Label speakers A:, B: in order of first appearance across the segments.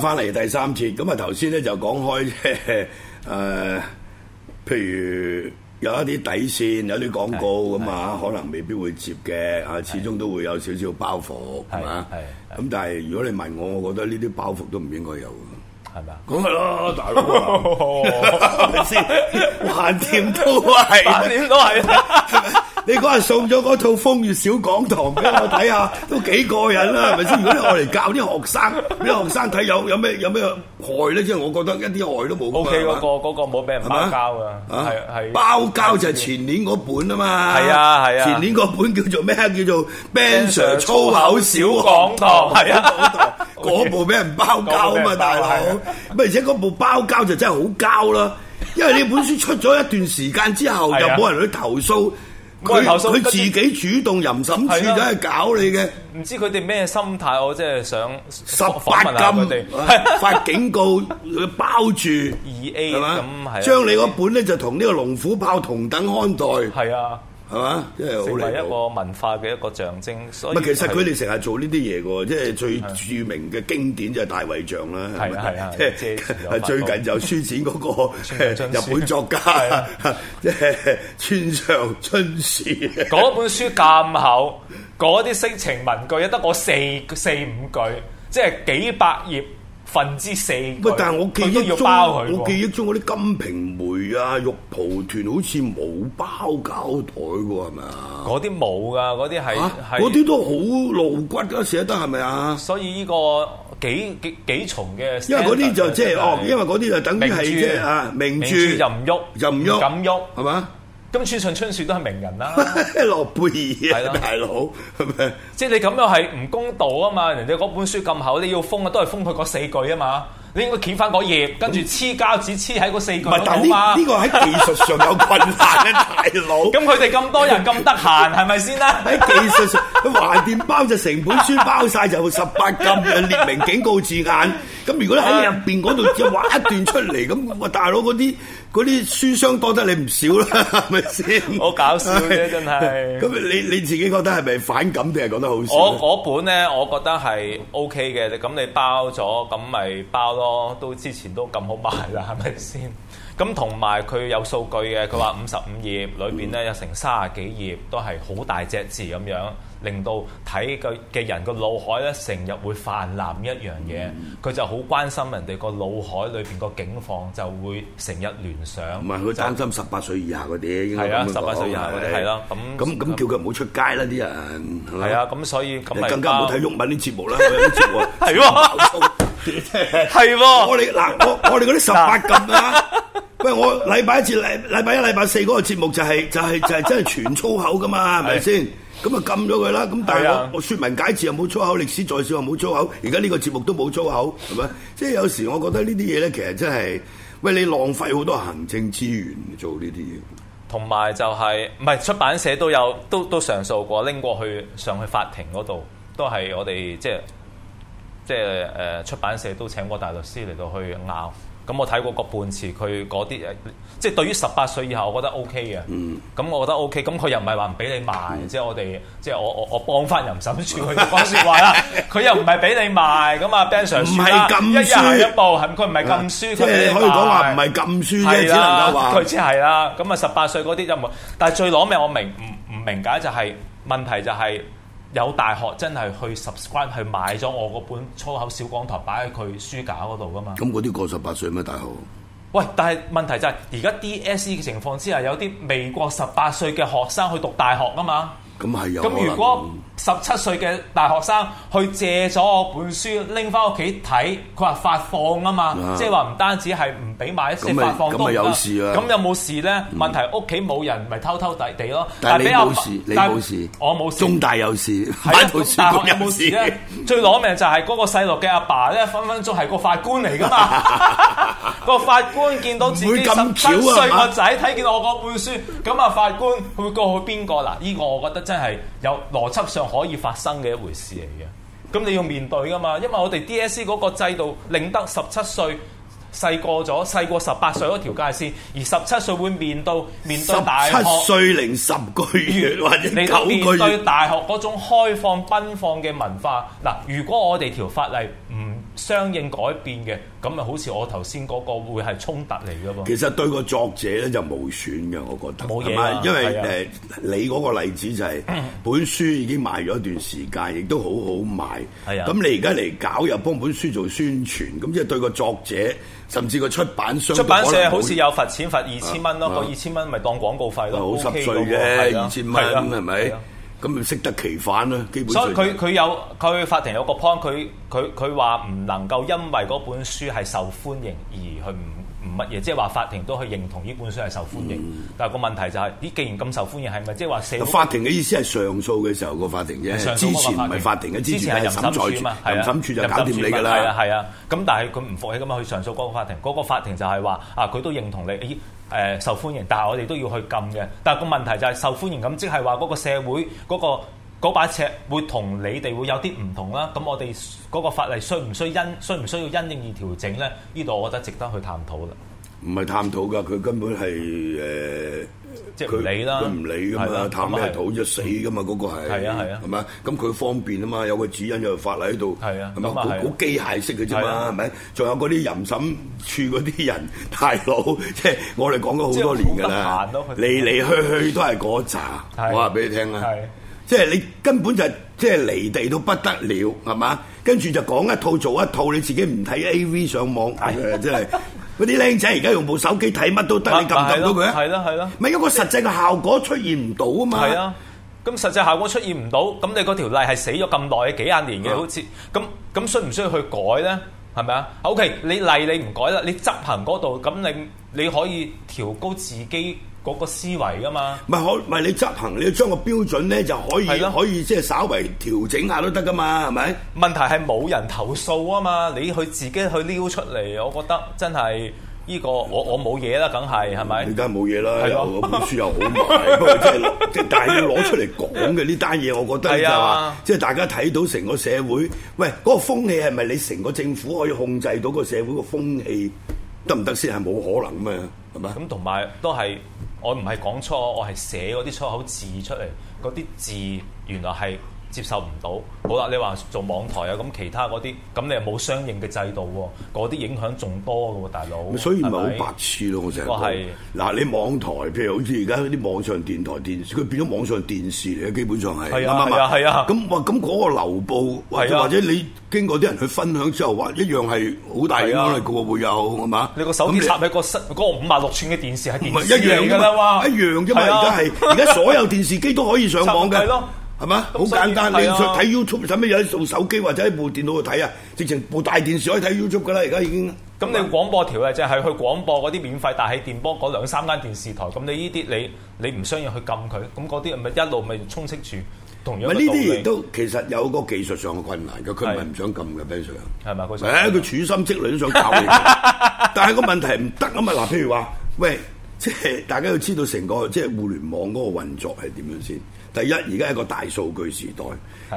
A: 翻嚟第三節，咁啊，頭先咧就講開誒，譬如有一啲底線，有啲廣告咁啊，可能未必會接嘅，啊是，始終都會有少少包袱，係嘛是？咁吧但係如果你問我，我覺得呢啲包袱都唔應該有，係咪吧啊？咁咪咯，大佬。 係咪先？橫掂都係，橫掂都係。你嗰日送咗嗰套《風月小講堂》俾我睇下，都幾過癮啦，係咪先？如果你愛嚟教啲學生，啲學生睇有有咩有咩害咧？即係我覺得一啲害都冇。O K，嗰個個冇咩
B: 人包膠㗎。係啊
A: 係。包膠就係前年嗰本啊嘛。係啊係啊。前年嗰本叫做咩？叫做《Ben Sir 粗口小講堂》。係啊。嗰部俾人包膠啊嘛，大佬。咁而且嗰部包膠就真係好膠啦，因為呢本書出咗一段時間之後，又冇人去投訴。佢自己主動淫審處著，都係、啊、搞你嘅。
B: 唔知佢哋咩心態，我真係想十八禁
A: 發警告，佢 包住二
B: A，係嘛吧？將、啊、你嗰
A: 本咧就同呢個龍虎豹同等看待。係啊。係嘛？成為一
B: 個文化嘅一個象徵，
A: 所以其實佢哋成日做呢啲嘢喎，即係最著名嘅經典就係大衞像啦，係啊，即係的最近就書展嗰、那個 春日本作家啊，即係村上春樹，嗰
B: 本書咁厚，嗰啲色情文句，一得我四四五句，即係幾百頁。分之四。唔但係我記憶中，包我記憶
A: 中嗰啲《金瓶梅》啊，玉包包《玉蒲團》好似冇包膠袋喎，係咪啊？嗰啲冇
B: 噶，嗰啲係，嗰啲都好露骨，寫得係咪啊？所以呢個幾幾幾重嘅。因為嗰啲就即、是、係、就是、哦，因為嗰啲就等於係即係啊名著，名著，名著就唔喐，就唔喐，唔敢喐，係嘛？今次村上春樹都係名人啦、啊 爾，諾貝爾，係啦，大佬，咁樣即係你咁又係唔公道啊嘛！ 人哋嗰本書咁厚，你要封啊都係封佢嗰四句啊嘛！你應該掀翻嗰頁，跟住黐膠紙黐喺嗰四個度嘛。但呢呢個喺技術上有困
A: 難嘅大佬。咁佢哋咁多人咁得閒，係咪先啦？喺技術上，橫掂包就成本書包晒就十八禁嘅列明警告字眼。咁如果你喺入邊嗰度就畫一段出嚟，咁我大佬嗰啲啲書商多得你唔少啦，係咪先？好搞笑嘅真係。咁你你自己覺得係咪反感定係覺得好笑？我嗰
B: 本咧，我覺得係 OK 嘅。咁你包咗，咁咪包咯。哦，都之前都咁好賣啦，係咪先？咁同埋佢有數據嘅，佢話五十五頁裏邊咧有成三十幾頁都係好大隻字咁樣，令到睇嘅嘅人個腦海咧成日會泛濫一樣嘢。佢就好關心人哋個腦海裏邊個境況，就會成日聯想。唔係佢擔
A: 心十八歲以下嗰啲，應該十八歲以下嗰啲係咯。咁咁咁叫佢唔好出街啦啲人。係啊，
B: 咁所以咁咪更加唔好睇毓
A: 民啲節目啦。係喎。係喎、 嗯啊，我哋嗱，我我哋嗰啲十八禁啊，喂， 我禮拜一至禮禮拜一、禮拜四嗰個節目就係、是、就係、是、就係真係全粗口噶嘛，係咪先？咁是啊禁咗佢啦。咁但係我我説文解字又冇粗口，歷史再少又冇粗口。而家呢個節目都冇粗口，係咪？即係有時我覺得呢啲嘢咧，其實真係，喂，你浪費好多行政資源做呢啲嘢。同
B: 埋就係唔係出版社都有都都，都上訴過拎過去上去法庭嗰度，都係我哋即係。即係誒、呃、出版社都請過大律師嚟到去拗。咁我睇過個判詞，佢嗰啲誒，即係對於十八歲以後，我覺得 O K 嘅。嗯，咁我覺得 O K，咁佢又唔係話唔俾你賣，嗯、即係我哋，即係我我我幫翻人審住佢。講説話啦。佢又唔係俾你賣，咁啊 Ben Sir 唔係咁舒，一日一步，佢唔係咁舒，佢係、啊、可以講話唔係
A: 咁舒嘅，啊、只能夠話佢只
B: 係啦。咁啊十八歲嗰啲就冇，但係最攞命我明唔唔明解就係、是、問題就係、是。有大學真係去 subscribe 去買咗我嗰本粗口小講台擺喺佢書架嗰
A: 度噶嘛？咁嗰啲過十八歲咩？大學？
B: 喂！但係問題就係、是、而家 DSE 嘅情況之下，有啲未過十八歲嘅學生去讀大學啊嘛？
A: 咁係有咁如果
B: 十七歲嘅大學生去借咗我本書拎翻屋企睇，佢話發放啊嘛，即係話唔單止係唔俾買先發放都得啦。咁有冇事咧？問題屋企冇人，咪偷偷地地咯。但係你冇事，你冇事，我冇事。中
A: 大有事，買
B: 套書有冇事咧？最攞命就係嗰個細路嘅阿爸咧，分分鐘係個法官嚟噶嘛。個法官見到自己十七歲個仔睇見我嗰本書，咁啊法官會過去邊個嗱？呢個我覺得。真係有邏輯上可以發生嘅一回事嚟嘅，咁你要面對㗎嘛？因為我哋 DSC 嗰個制度令得十七歲細過咗，細過十八歲嗰條界線，而十七歲會面對面對大學，十七歲
A: 零十個月或者九個月，面對
B: 大學嗰種開放奔放嘅文化。嗱，如果我哋條法例唔相應改變嘅，咁咪好似我頭先嗰個會係衝突嚟嘅噃。其實
A: 對個作者咧就無損嘅，我覺得。冇嘢因為誒你嗰個例子就係本書已經賣咗一段時間，亦都好好賣。係啊，咁你而家嚟搞又幫本書做宣傳，咁即係對個作者，甚至個出版商。出版社好似
B: 有罰錢，罰二千蚊咯。個二千蚊咪當廣告費咯，好濕碎嘅，O K 嘅二千蚊係咪？
A: 咁咪適得其反咯，基本上。所以佢佢
B: 有佢法庭有個 point，佢佢佢話唔能夠因為嗰本書係受歡迎而去唔唔乜嘢，即係話法庭都去認同呢本書係受歡迎。嗯、但係個問題就係、是，啲既然咁受歡迎，係咪即係話社？就是、四法庭嘅意
A: 思係上訴嘅時候個法庭啫，之前唔係法庭嘅，之前係審裁處嘛，審裁處就搞掂你㗎啦。係啊，係
B: 啊。咁但係佢唔服氣，咁啊去上訴嗰個法庭，嗰個法庭就係話啊，佢都認同你。欸欸誒受歡迎，但係我哋都要去禁嘅。但係個問題就係受歡迎咁，即係話嗰個社會嗰、嗰個、把尺會同你哋會有啲唔同啦。咁我哋嗰個法例需唔需因需唔需要因應而調整咧？呢度我覺得值得去探討啦。
A: 唔係探討㗎，佢根本係誒。呃即係佢唔理㗎嘛，探咩徒即係死㗎嘛，嗰個係係啊係啊，係咪？咁佢方便啊嘛，有個指引有法例喺度，係啊，係咪？好機械式嘅啫嘛，係咪？仲有嗰啲淫審處嗰啲人大佬，即係我哋講咗好多年㗎啦，嚟嚟去去都係嗰扎。我話俾你聽啦，即係你根本就即係離地都不得了，係咪？跟住就講一套做一套，你自己唔睇 A V 上網，即係。嗰啲僆仔而家用部手機睇乜都得，你撳唔撳到佢？係咯，係咯，咪一個實際嘅效果出現唔到啊嘛。係啊，
B: 咁實際效果出現唔到，咁你嗰條例係死咗咁耐幾廿年嘅，好似咁咁，需唔需要去改咧？係咪啊？OK，你例你唔改啦，你執行嗰度，咁你你可以調高自己。嗰個思維噶嘛，
A: 唔係可唔係你執行？你要將個標準呢就可以對了 可以即係稍為調整下都得㗎嘛，係咪？問題係冇人投訴啊嘛，你去自己去撩
B: 出嚟，我覺得真係呢、呢個我我冇嘢啦，梗係係咪？你
A: 梗係冇嘢啦，嗯、的本書又好，即 但係要攞出嚟講嘅呢單嘢， 我覺得係啊，即係是的 大家睇到成個社會，喂，嗰、嗰個風氣係咪你成個政府可以控制到個社會個風氣得唔得先係冇可能嘅，係咪？咁
B: 同埋都係。我唔係講錯，我係寫嗰啲粗口字出嚟，嗰啲字原來係。接受唔到，好啦，你話做網台啊，咁其他嗰啲，咁你又冇相應嘅制度喎，嗰啲影響仲多嘅喎，大佬，所以唔係好白
A: 痴咯，我成日講。嗱，你網台，譬如好似而家啲網上電台電視，佢變咗網上電視嚟嘅，基本上係。係啊。係啊。咁哇，咁嗰個流佈，或者你經過啲人去分享之後，一樣係好大影響嚟嘅喎，會有係嘛？你個手機插
B: 喺個室五啊六寸嘅電視喺電視。唔係一樣㗎嘛？
A: 一樣啫嘛！而家係而家所有電視機都可以上網嘅。係嘛？好那麼 簡單，以你睇 YouTube 使乜有得嗎用手機或者喺部電腦去睇啊？直情部大電視可以睇 YouTube 噶啦，而家已經。
B: 咁你廣播台咧，嗎就係去廣播嗰啲免費大氣電波嗰兩三間電視台，咁你呢啲你你唔需要去撳佢，咁嗰啲咪一路咪充斥住。同樣呢啲
A: 都其實有個技術上嘅困難，佢唔係唔想撳嘅 basically 係嘛，佢誒，處心積慮都想搞。 但係個問題唔得啊嘛！嗱，譬如話喂，即係大家要知道成個即係互聯網嗰個運作係點樣先。第一，而家係一個大數據時代，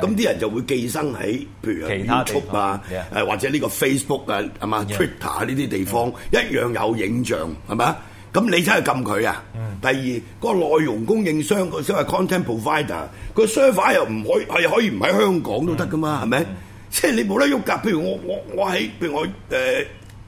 A: 咁啲是的 人就會寄生喺譬如 YouTube 啊，誒、啊、或者呢個 Facebook 啊，係嘛 Twitter 呢啲地方是的、嗯、一樣有影像係咪啊？咁你真係撳佢啊！嗯、第二，個內容供應商個所謂 content provider 個 server 又唔可以係可以唔喺香港都得噶嘛？係咪、嗯？嗯、即係你冇得喐㗎。譬如我我我喺譬如我誒。我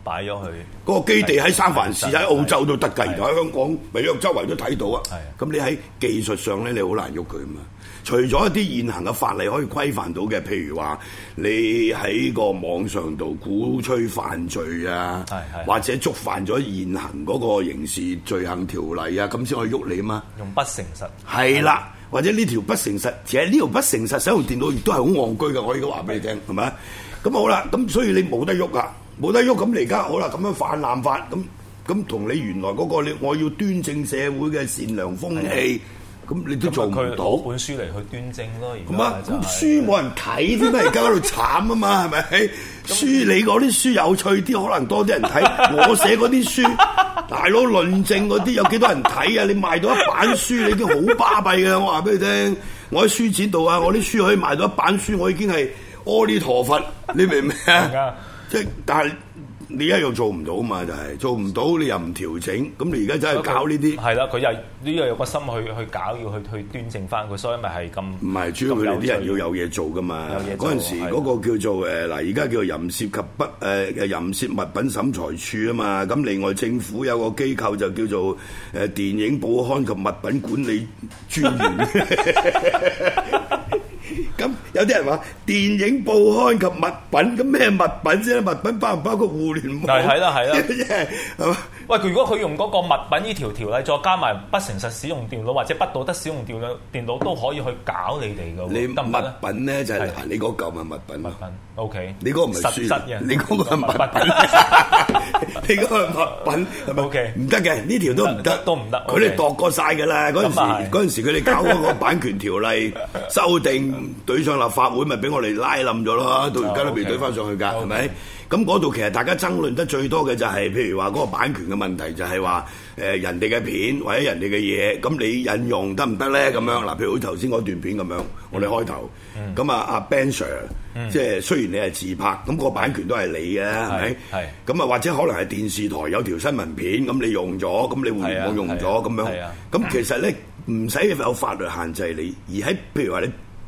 A: 擺咗佢嗰個基地喺三藩市，喺、嗯就是、澳洲都得㗎，的而家喺香港咪喺是的 周圍都睇到啊！咁是的 你喺技術上咧，你好難喐佢啊嘛！除咗一啲現行嘅法例可以規範到嘅，譬如話你喺個網上度鼓吹犯罪啊，或者觸犯咗現行嗰個刑事罪行條例啊，咁先可以喐你啊嘛！
B: 用不誠實
A: 係啦的，或者呢條不誠實，其實呢條不誠實使，使用電腦亦都係好戇居嘅，我而家話俾你聽，係咪啊？咁好啦，咁的所以你冇得喐啊！冇得喐咁你而家好啦，咁樣泛濫法，咁咁同你原來嗰、嗰個你，我要端正社會嘅善良風氣，咁的你都做唔到。
B: 本書嚟去端正咯，而家就是、書
A: 冇人睇，添啊！ 而家喺度慘啊嘛，係咪那？書你嗰啲書有趣啲，可能多啲人睇。 我寫嗰啲書，大佬論證嗰啲，有幾多人睇啊？你賣到一版書，你已經好巴閉嘅。我話俾你聽，我喺書展度啊，我啲書,書,書可以賣到一版書，我已經係阿彌陀佛，你明唔明啊？ 即係，但係你一樣做唔到嘛？就係做唔到，你又唔調整，咁你而家真係搞呢啲。
B: 係啦，佢又呢個有個心去去搞，要去去端正翻佢，所以咪係咁。
A: 唔係，主要佢哋啲人要有嘢做噶嘛。嗰陣時嗰個叫做誒嗱，而家叫做淫褻及不誒誒淫褻物品審裁處啊嘛。咁另外政府有個機構就叫做誒電影報刊及物品管理專員。有啲人話電影報刊及物品，咁咩物品先啦？物品包唔包括互聯網？係啦係啦。
B: 喂，如果佢用嗰個物品呢條條例，再加埋不誠實使用電腦或者不道德使用電腦，電腦都可以去搞你哋嘅。你物品
A: 咧就係你嗰嚿咪物品？物品。O K。你嗰唔係實，你嗰個係物品。你嗰物品係咪？O K。唔得嘅，呢條都唔得，都唔得。佢哋度過晒㗎啦。嗰陣時，嗰陣時佢哋搞嗰個版權條例修訂，對上立法會，咪俾我哋拉冧咗咯。到而家都未對翻上去㗎，係咪？咁嗰度其實大家爭論得最多嘅就係，譬如話嗰個版權嘅問題，就係話誒人哋嘅片或者人哋嘅嘢，咁你引用得唔得咧？咁樣嗱，譬如好似頭先嗰段片咁樣，嗯、我哋開頭，咁、嗯、啊阿 Ben Sir、嗯、即係雖然你係自拍，咁個版權都係你嘅，係咪？係。咁啊，或者可能係電視台有條新聞片，咁你用咗，咁你會唔會用咗，咁樣，咁其實咧唔使有法律限制你，而喺譬如話你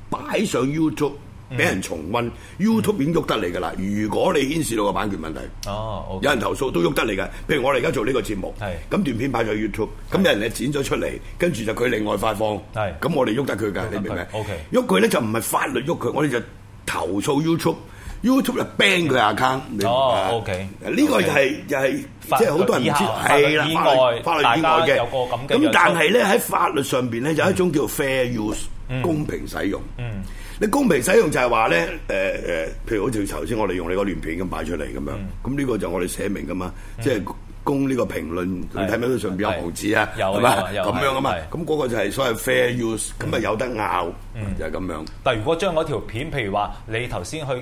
A: 擺上 YouTube。俾人重温 YouTube 已經喐得嚟㗎啦！如果你牽涉到個版權問題，哦，有人投訴都喐得嚟嘅。譬如我哋而家做呢個節目，係咁段片擺咗喺 YouTube，咁有人咧剪咗出嚟，跟住就佢另外發放，係咁我哋喐得佢㗎，你明唔明？O K，喐佢咧就唔係法律喐佢，我哋就投訴 YouTube，YouTube 就 ban 佢 account。哦，O K，呢個就係就係即係好多人知係啦，法律以外大家有個咁嘅咁，但係咧喺法律上邊咧有一種叫 fair use，公平使用。嗯。啲公平使用就係話咧，誒誒，譬如好似頭先我哋用你個短片咁擺出嚟咁樣，咁呢個就我哋寫明噶嘛，即係供呢個評論，你睇唔睇到上邊有文字啊？係嘛，咁樣啊嘛，咁嗰個就係所謂 fair use，咁咪有得拗，就係咁樣。但係如果將嗰條
B: 片，譬如話你頭先去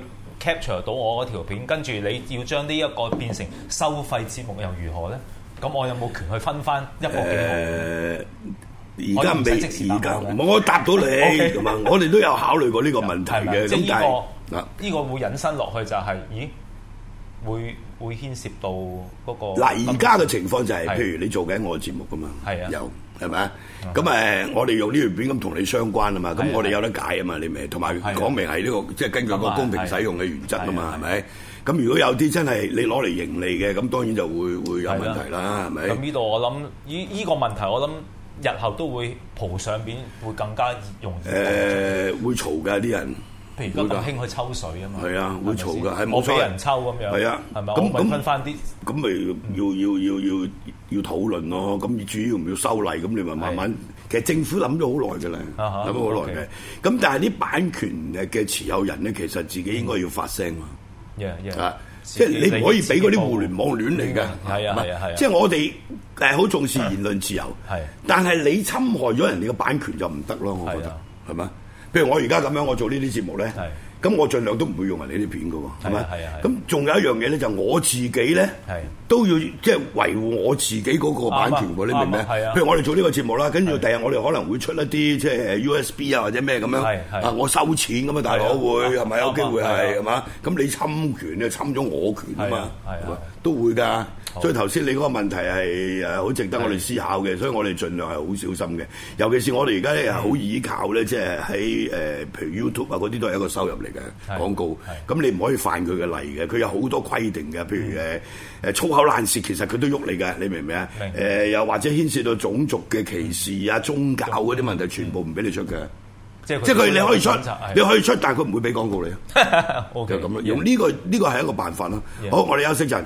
B: capture 到我嗰條片，跟住你要將呢一個變成收費節目又如何咧？咁我有冇權去分翻一個
A: 嘅？而家未，而家我答到你，同埋我哋都有考慮過呢個問題嘅。點解？嗱，
B: 呢個會引申落去就係，咦？會會牽涉到嗰個。嗱，而家嘅
A: 情況就係，譬如你做緊我節目噶嘛，係啊，有係咪？咁誒，我哋用呢條片咁同你相關啊嘛，咁我哋有得解啊嘛，你咪？同埋講明係呢個，即係根據個公平使用嘅原則啊嘛，係咪？咁如果有啲真係你攞嚟盈利嘅，咁當然就會會有問題啦，係咪？咁
B: 呢度我諗，依依個問題我諗。日後都會蒲上邊會更加容易。
A: 誒會嘈嘅啲人，譬如而家咁興去
B: 抽水啊嘛，係啊會嘈噶，係冇俾人抽咁樣係啊。咁咁
A: 咁咪要要要要要討論咯。咁主要唔要修例咁？你咪慢慢，其實政府諗咗好耐嘅啦，諗咗好耐嘅。咁但係啲版權嘅持有人咧，其實自己應該要發聲啊。即係你唔可以俾嗰啲互聯網亂嚟㗎，係啊係啊係即係我哋誒好重視言論自由，係的，但係你侵害咗人哋嘅版權就唔得咯，的我覺得係咪的譬如我而家咁樣，我做呢啲節目咧。咁我盡量都唔會用人哋啲片噶喎，係咪？咁仲、啊啊啊、有一樣嘢咧，就、我自己咧、啊、都要即係、就是、維護我自己嗰個版權喎，對吧 你明唔明？譬如我哋做呢個節目啦，跟住第日我哋可能會出一啲即係 USB 啊或者咩咁樣，啊我收錢咁啊，大佬會係咪有機會係係嘛？咁你侵權咧，侵咗我權啊嘛，都會㗎。所以頭先你嗰個問題係誒好值得我哋思考嘅，所以我哋盡量係好小心嘅。尤其是我哋而家咧好倚靠咧，即係喺誒，譬如 YouTube 啊嗰啲都係一個收入嚟嘅廣告。咁你唔可以犯佢嘅例嘅，佢有好多規定嘅。譬如誒誒粗口爛舌，其實佢都喐你嘅，你明唔明啊？誒又或者牽涉到種族嘅歧視啊、宗教嗰啲問題，全部唔俾你出嘅。即即係佢你可以出，你可以出，但係佢唔會俾廣告你。
B: 就咁樣，用呢個
A: 呢個係一個辦法囉。好，我哋休息陣。